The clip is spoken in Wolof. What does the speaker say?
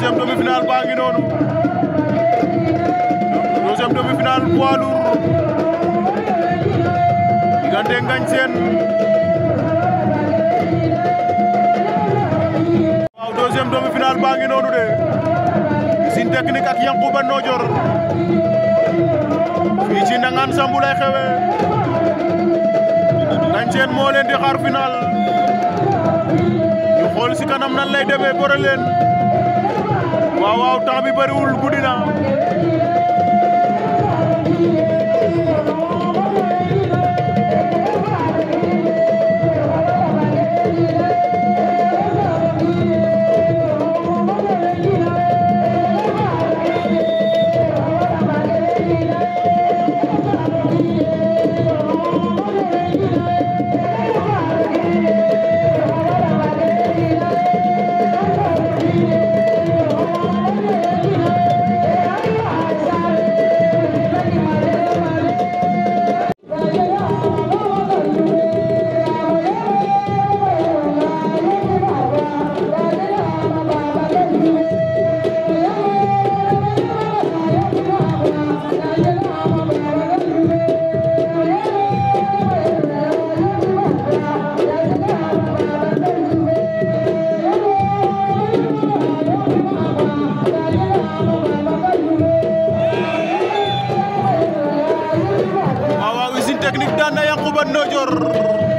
deuxième demi-finale baa ngi noonu deuxième demi-finale poids lourd diggante Ngagne Sène waaw deuxième demi-finale baa ngi noonu de Usine Technique ak Yankouba Niodior fii ci Ndangaan Sambou lay xewe Ngagne Sène di xaar final ñu xool si kanam nan lay demee leen waaw waaw temps bi bëriwul guddi na technique daan na Yankhoba Ndojoor